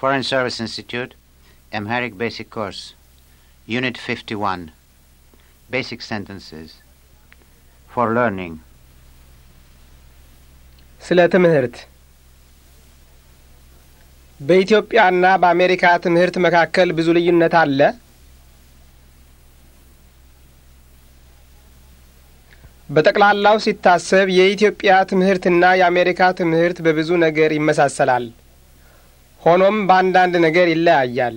Foreign Service Institute, Amharic Basic Course, Unit 51, Basic Sentences, for Learning. ስለ ትምህርት በኢትዮጵያና በአሜሪካ ትምህርት መካከል ብዙ ልዩነት አለ። በጠቅላላው ሲታሰብ የኢትዮጵያ ትምህርትና የአሜሪካ ትምህርት በብዙ ነገር ይመሳሰላል። ሆኖም በአንዳንድ ነገር ይለያያል።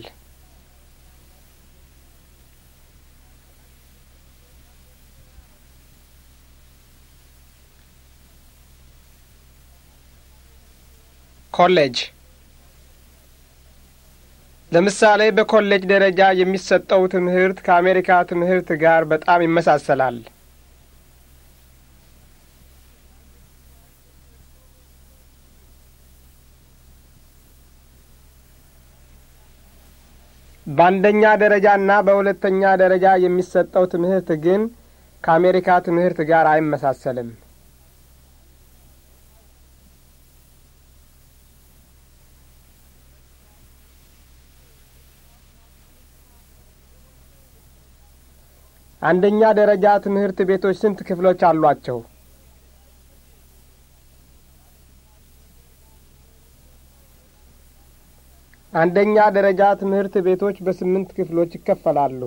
ኮሌጅ ለምሳሌ በኮሌጅ ደረጃ የሚሰጠው ትምህርት ከአሜሪካ ትምህርት ጋር በጣም ይመሳሰላል። በአንደኛ ደረጃና በሁለተኛ ደረጃ የሚሰጠው ትምህርት ግን ከአሜሪካ ትምህርት ጋር አይመሳሰልም። አንደኛ ደረጃ ትምህርት ቤቶች ስንት ክፍሎች አሏቸው? አንደኛ ደረጃ ትምህርት ቤቶች በስምንት ክፍሎች ይከፈላሉ።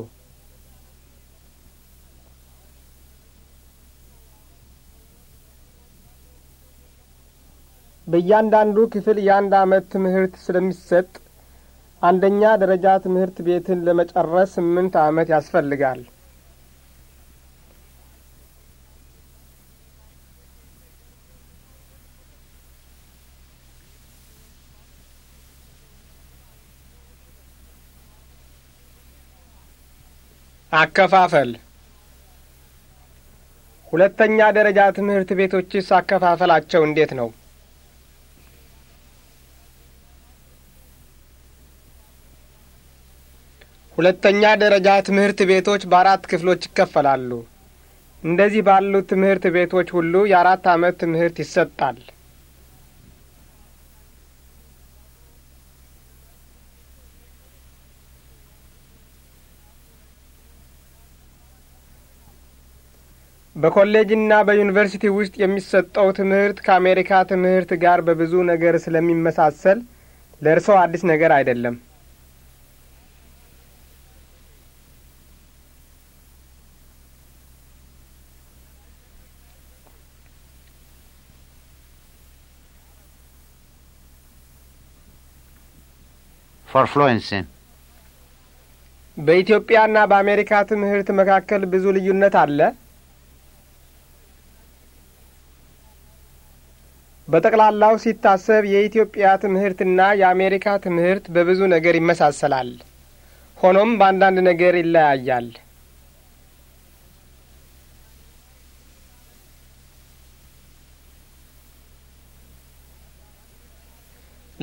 በእያንዳንዱ ክፍል የአንድ ዓመት ትምህርት ስለሚሰጥ አንደኛ ደረጃ ትምህርት ቤትን ለመጨረስ ስምንት ዓመት ያስፈልጋል። አከፋፈል ሁለተኛ ደረጃ ትምህርት ቤቶችስ አከፋፈላቸው እንዴት ነው? ሁለተኛ ደረጃ ትምህርት ቤቶች በአራት ክፍሎች ይከፈላሉ። እንደዚህ ባሉት ትምህርት ቤቶች ሁሉ የአራት ዓመት ትምህርት ይሰጣል። በኮሌጅና በዩኒቨርሲቲ ውስጥ የሚሰጠው ትምህርት ከአሜሪካ ትምህርት ጋር በብዙ ነገር ስለሚመሳሰል ለእርስዎ አዲስ ነገር አይደለም። ፎር ፍሉዌንሲ በኢትዮጵያና በአሜሪካ ትምህርት መካከል ብዙ ልዩነት አለ። በጠቅላላው ሲታሰብ የኢትዮጵያ ትምህርትና የአሜሪካ ትምህርት በብዙ ነገር ይመሳሰላል። ሆኖም በአንዳንድ ነገር ይለያያል።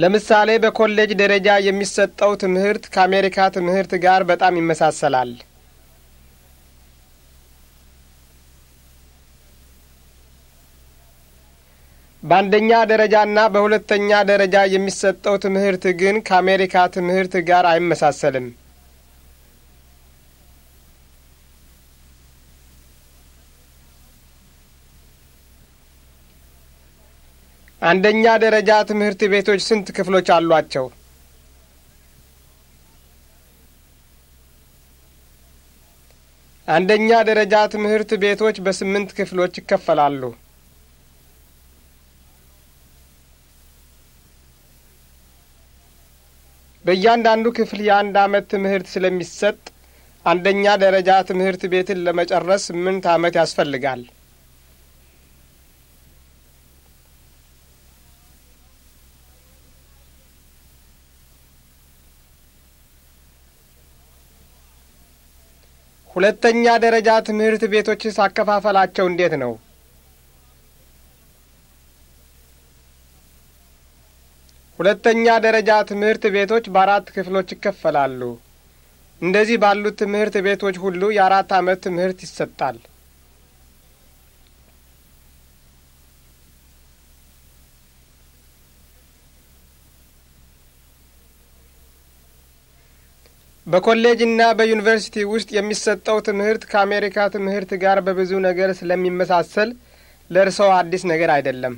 ለምሳሌ በኮሌጅ ደረጃ የሚሰጠው ትምህርት ከአሜሪካ ትምህርት ጋር በጣም ይመሳሰላል። በአንደኛ ደረጃና በሁለተኛ ደረጃ የሚሰጠው ትምህርት ግን ከአሜሪካ ትምህርት ጋር አይመሳሰልም። አንደኛ ደረጃ ትምህርት ቤቶች ስንት ክፍሎች አሏቸው? አንደኛ ደረጃ ትምህርት ቤቶች በስምንት ክፍሎች ይከፈላሉ። በእያንዳንዱ ክፍል የአንድ ዓመት ትምህርት ስለሚሰጥ አንደኛ ደረጃ ትምህርት ቤትን ለመጨረስ ስምንት ዓመት ያስፈልጋል። ሁለተኛ ደረጃ ትምህርት ቤቶችስ አከፋፈላቸው እንዴት ነው? ሁለተኛ ደረጃ ትምህርት ቤቶች በአራት ክፍሎች ይከፈላሉ። እንደዚህ ባሉት ትምህርት ቤቶች ሁሉ የአራት ዓመት ትምህርት ይሰጣል። በኮሌጅና በዩኒቨርሲቲ ውስጥ የሚሰጠው ትምህርት ከአሜሪካ ትምህርት ጋር በብዙ ነገር ስለሚመሳሰል ለእርሰው አዲስ ነገር አይደለም።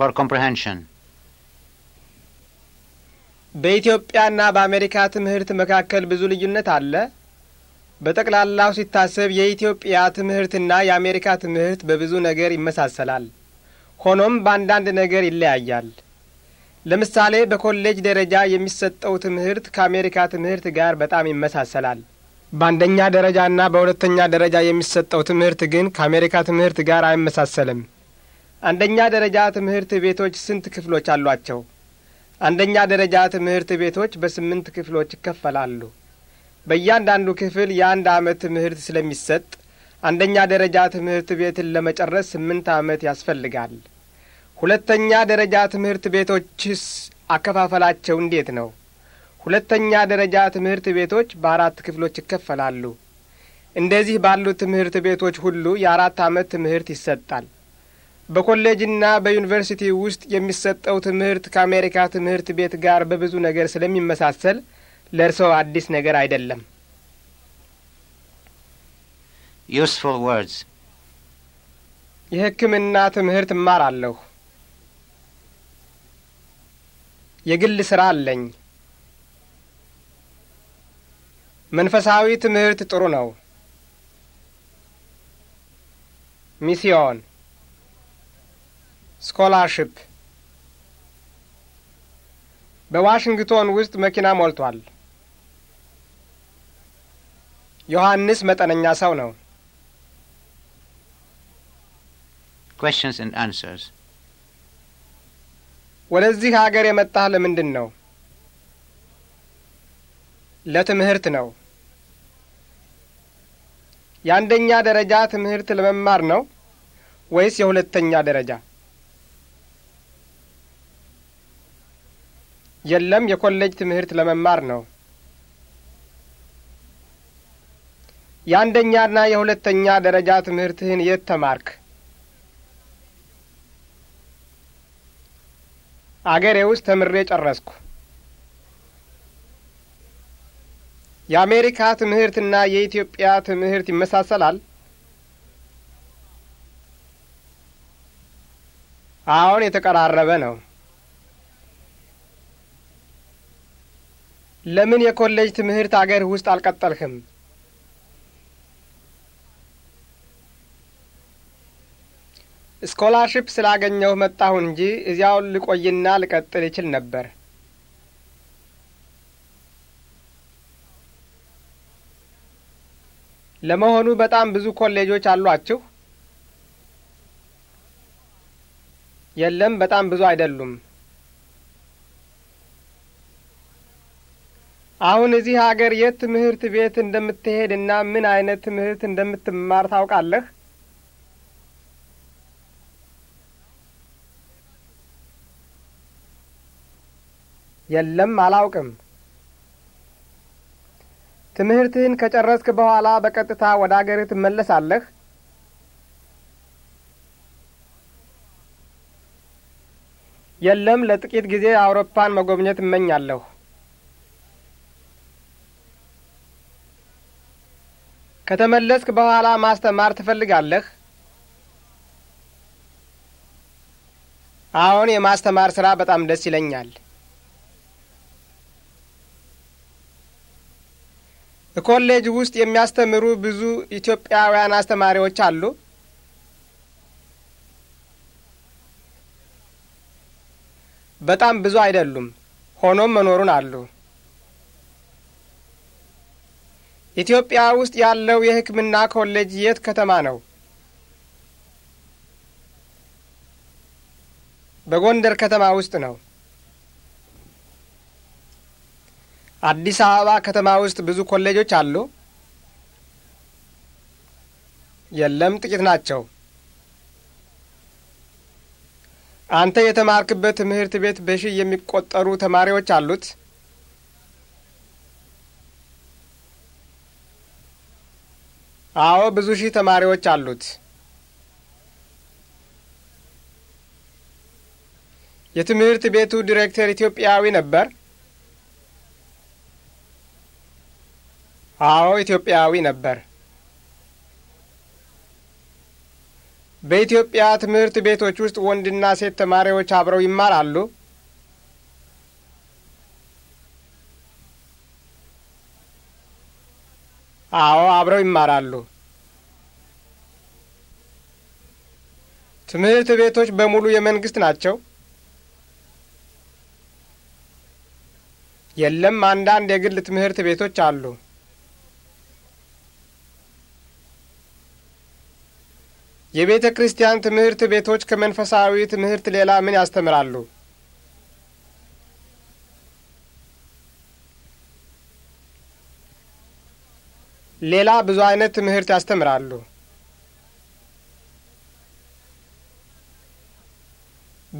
for comprehension. በኢትዮጵያና በአሜሪካ ትምህርት መካከል ብዙ ልዩነት አለ። በጠቅላላው ሲታሰብ የኢትዮጵያ ትምህርትና የአሜሪካ ትምህርት በብዙ ነገር ይመሳሰላል። ሆኖም በአንዳንድ ነገር ይለያያል። ለምሳሌ በኮሌጅ ደረጃ የሚሰጠው ትምህርት ከአሜሪካ ትምህርት ጋር በጣም ይመሳሰላል። በአንደኛ ደረጃና በሁለተኛ ደረጃ የሚሰጠው ትምህርት ግን ከአሜሪካ ትምህርት ጋር አይመሳሰልም። አንደኛ ደረጃ ትምህርት ቤቶች ስንት ክፍሎች አሏቸው? አንደኛ ደረጃ ትምህርት ቤቶች በስምንት ክፍሎች ይከፈላሉ። በእያንዳንዱ ክፍል የአንድ ዓመት ትምህርት ስለሚሰጥ አንደኛ ደረጃ ትምህርት ቤትን ለመጨረስ ስምንት ዓመት ያስፈልጋል። ሁለተኛ ደረጃ ትምህርት ቤቶችስ አከፋፈላቸው እንዴት ነው? ሁለተኛ ደረጃ ትምህርት ቤቶች በአራት ክፍሎች ይከፈላሉ። እንደዚህ ባሉት ትምህርት ቤቶች ሁሉ የአራት ዓመት ትምህርት ይሰጣል። በኮሌጅና በዩኒቨርሲቲ ውስጥ የሚሰጠው ትምህርት ከአሜሪካ ትምህርት ቤት ጋር በብዙ ነገር ስለሚመሳሰል ለእርስዎ አዲስ ነገር አይደለም። ዩስፉል ወርድስ የሕክምና ትምህርት እማራለሁ። የግል ስራ አለኝ። መንፈሳዊ ትምህርት ጥሩ ነው። ሚስዮን ስኮላርሽፕ በዋሽንግቶን ውስጥ መኪና ሞልቷል። ዮሐንስ መጠነኛ ሰው ነው። questions and answers ወደዚህ ሀገር የመጣህ ለምንድን ነው? ለትምህርት ነው። የአንደኛ ደረጃ ትምህርት ለመማር ነው ወይስ የሁለተኛ ደረጃ? የለም የኮሌጅ ትምህርት ለመማር ነው። የአንደኛና የሁለተኛ ደረጃ ትምህርትህን የት ተማርክ? አገሬ ውስጥ ተምሬ ጨረስኩ። የአሜሪካ ትምህርትና የኢትዮጵያ ትምህርት ይመሳሰላል? አሁን የተቀራረበ ነው። ለምን የኮሌጅ ትምህርት አገር ውስጥ አልቀጠልህም? ስኮላርሽፕ ስላገኘሁ መጣሁ እንጂ እዚያው ልቆይና ልቀጥል ይችል ነበር። ለመሆኑ በጣም ብዙ ኮሌጆች አሏችሁ? የለም፣ በጣም ብዙ አይደሉም። አሁን እዚህ አገር የት ትምህርት ቤት እንደምትሄድ እና ምን አይነት ትምህርት እንደምትማር ታውቃለህ? የለም፣ አላውቅም። ትምህርትህን ከጨረስክ በኋላ በቀጥታ ወደ አገርህ ትመለሳለህ? የለም፣ ለጥቂት ጊዜ አውሮፓን መጎብኘት እመኛለሁ። ከተመለስክ በኋላ ማስተማር ትፈልጋለህ? አሁን የማስተማር ስራ በጣም ደስ ይለኛል። ኮሌጅ ውስጥ የሚያስተምሩ ብዙ ኢትዮጵያውያን አስተማሪዎች አሉ። በጣም ብዙ አይደሉም፣ ሆኖም መኖሩን አሉ። ኢትዮጵያ ውስጥ ያለው የሕክምና ኮሌጅ የት ከተማ ነው? በጎንደር ከተማ ውስጥ ነው። አዲስ አበባ ከተማ ውስጥ ብዙ ኮሌጆች አሉ? የለም፣ ጥቂት ናቸው። አንተ የተማርክበት ትምህርት ቤት በሺህ የሚቆጠሩ ተማሪዎች አሉት? አዎ፣ ብዙ ሺህ ተማሪዎች አሉት። የትምህርት ቤቱ ዲሬክተር ኢትዮጵያዊ ነበር? አዎ፣ ኢትዮጵያዊ ነበር። በኢትዮጵያ ትምህርት ቤቶች ውስጥ ወንድና ሴት ተማሪዎች አብረው ይማራሉ? አዎ፣ አብረው ይማራሉ። ትምህርት ቤቶች በሙሉ የመንግስት ናቸው? የለም፣ አንዳንድ የግል ትምህርት ቤቶች አሉ። የቤተ ክርስቲያን ትምህርት ቤቶች ከመንፈሳዊ ትምህርት ሌላ ምን ያስተምራሉ? ሌላ ብዙ አይነት ትምህርት ያስተምራሉ።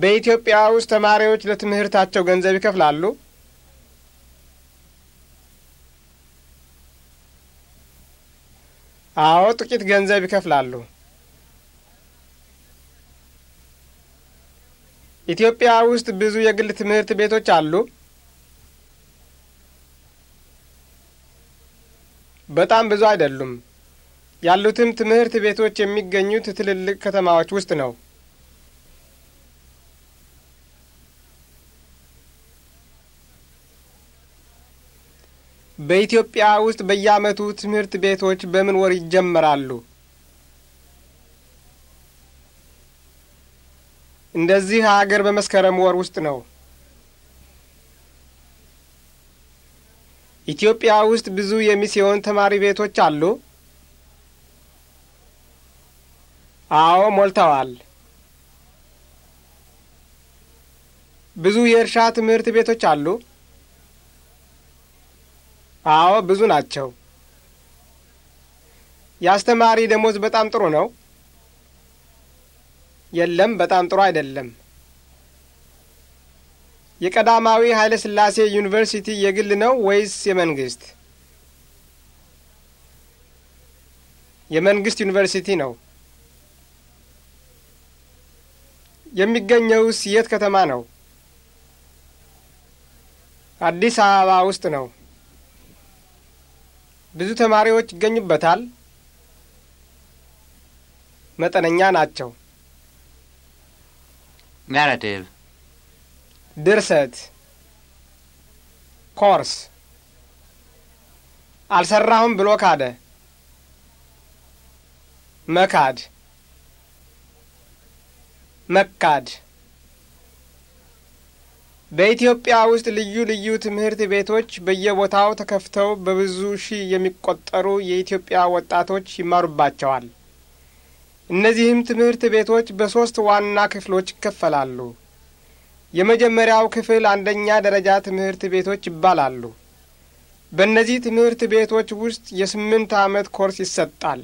በኢትዮጵያ ውስጥ ተማሪዎች ለትምህርታቸው ገንዘብ ይከፍላሉ። አዎ፣ ጥቂት ገንዘብ ይከፍላሉ። ኢትዮጵያ ውስጥ ብዙ የግል ትምህርት ቤቶች አሉ። በጣም ብዙ አይደሉም። ያሉትም ትምህርት ቤቶች የሚገኙት ትልልቅ ከተማዎች ውስጥ ነው። በኢትዮጵያ ውስጥ በየዓመቱ ትምህርት ቤቶች በምን ወር ይጀመራሉ? እንደዚህ ሀገር በመስከረም ወር ውስጥ ነው። ኢትዮጵያ ውስጥ ብዙ የሚስዮን ተማሪ ቤቶች አሉ? አዎ ሞልተዋል። ብዙ የእርሻ ትምህርት ቤቶች አሉ? አዎ ብዙ ናቸው። የአስተማሪ ደሞዝ በጣም ጥሩ ነው? የለም፣ በጣም ጥሩ አይደለም። የቀዳማዊ ኃይለ ሥላሴ ዩኒቨርሲቲ የግል ነው ወይስ የመንግስት? የመንግስት ዩኒቨርሲቲ ነው። የሚገኘውስ የት ከተማ ነው? አዲስ አበባ ውስጥ ነው። ብዙ ተማሪዎች ይገኙበታል? መጠነኛ ናቸው። ናራቲቭ ድርሰት ኮርስ አልሰራሁም ብሎ ካደ። መካድ መካድ በኢትዮጵያ ውስጥ ልዩ ልዩ ትምህርት ቤቶች በየቦታው ተከፍተው በብዙ ሺህ የሚቆጠሩ የኢትዮጵያ ወጣቶች ይማሩባቸዋል። እነዚህም ትምህርት ቤቶች በሦስት ዋና ክፍሎች ይከፈላሉ። የመጀመሪያው ክፍል አንደኛ ደረጃ ትምህርት ቤቶች ይባላሉ። በእነዚህ ትምህርት ቤቶች ውስጥ የስምንት ዓመት ኮርስ ይሰጣል።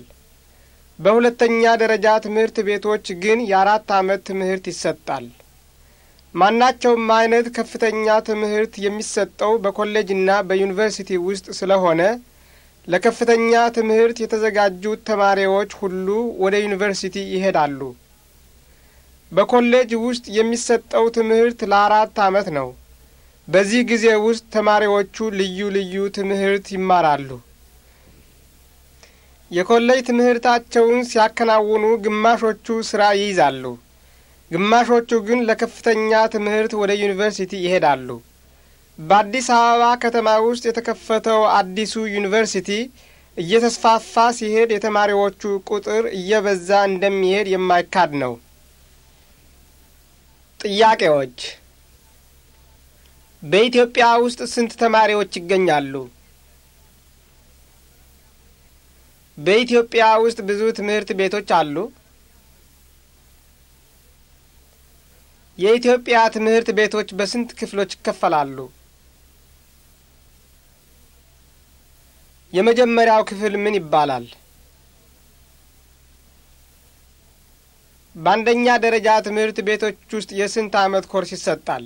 በሁለተኛ ደረጃ ትምህርት ቤቶች ግን የአራት ዓመት ትምህርት ይሰጣል። ማናቸውም አይነት ከፍተኛ ትምህርት የሚሰጠው በኮሌጅና በዩኒቨርሲቲ ውስጥ ስለሆነ ለከፍተኛ ትምህርት የተዘጋጁት ተማሪዎች ሁሉ ወደ ዩኒቨርሲቲ ይሄዳሉ። በኮሌጅ ውስጥ የሚሰጠው ትምህርት ለአራት ዓመት ነው። በዚህ ጊዜ ውስጥ ተማሪዎቹ ልዩ ልዩ ትምህርት ይማራሉ። የኮሌጅ ትምህርታቸውን ሲያከናውኑ ግማሾቹ ሥራ ይይዛሉ፣ ግማሾቹ ግን ለከፍተኛ ትምህርት ወደ ዩኒቨርሲቲ ይሄዳሉ። በአዲስ አበባ ከተማ ውስጥ የተከፈተው አዲሱ ዩኒቨርሲቲ እየተስፋፋ ሲሄድ የተማሪዎቹ ቁጥር እየበዛ እንደሚሄድ የማይካድ ነው። ጥያቄዎች በኢትዮጵያ ውስጥ ስንት ተማሪዎች ይገኛሉ? በኢትዮጵያ ውስጥ ብዙ ትምህርት ቤቶች አሉ? የኢትዮጵያ ትምህርት ቤቶች በስንት ክፍሎች ይከፈላሉ? የመጀመሪያው ክፍል ምን ይባላል? በአንደኛ ደረጃ ትምህርት ቤቶች ውስጥ የስንት ዓመት ኮርስ ይሰጣል?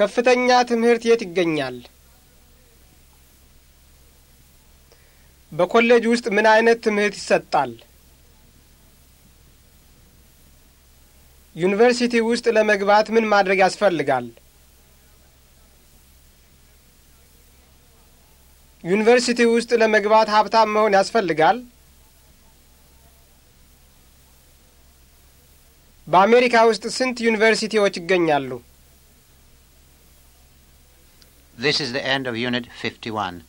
ከፍተኛ ትምህርት የት ይገኛል? በኮሌጅ ውስጥ ምን አይነት ትምህርት ይሰጣል? ዩኒቨርሲቲ ውስጥ ለመግባት ምን ማድረግ ያስፈልጋል? ዩኒቨርሲቲ ውስጥ ለመግባት ሀብታም መሆን ያስፈልጋል? በአሜሪካ ውስጥ ስንት ዩኒቨርሲቲዎች ይገኛሉ? This is the end of Unit 51.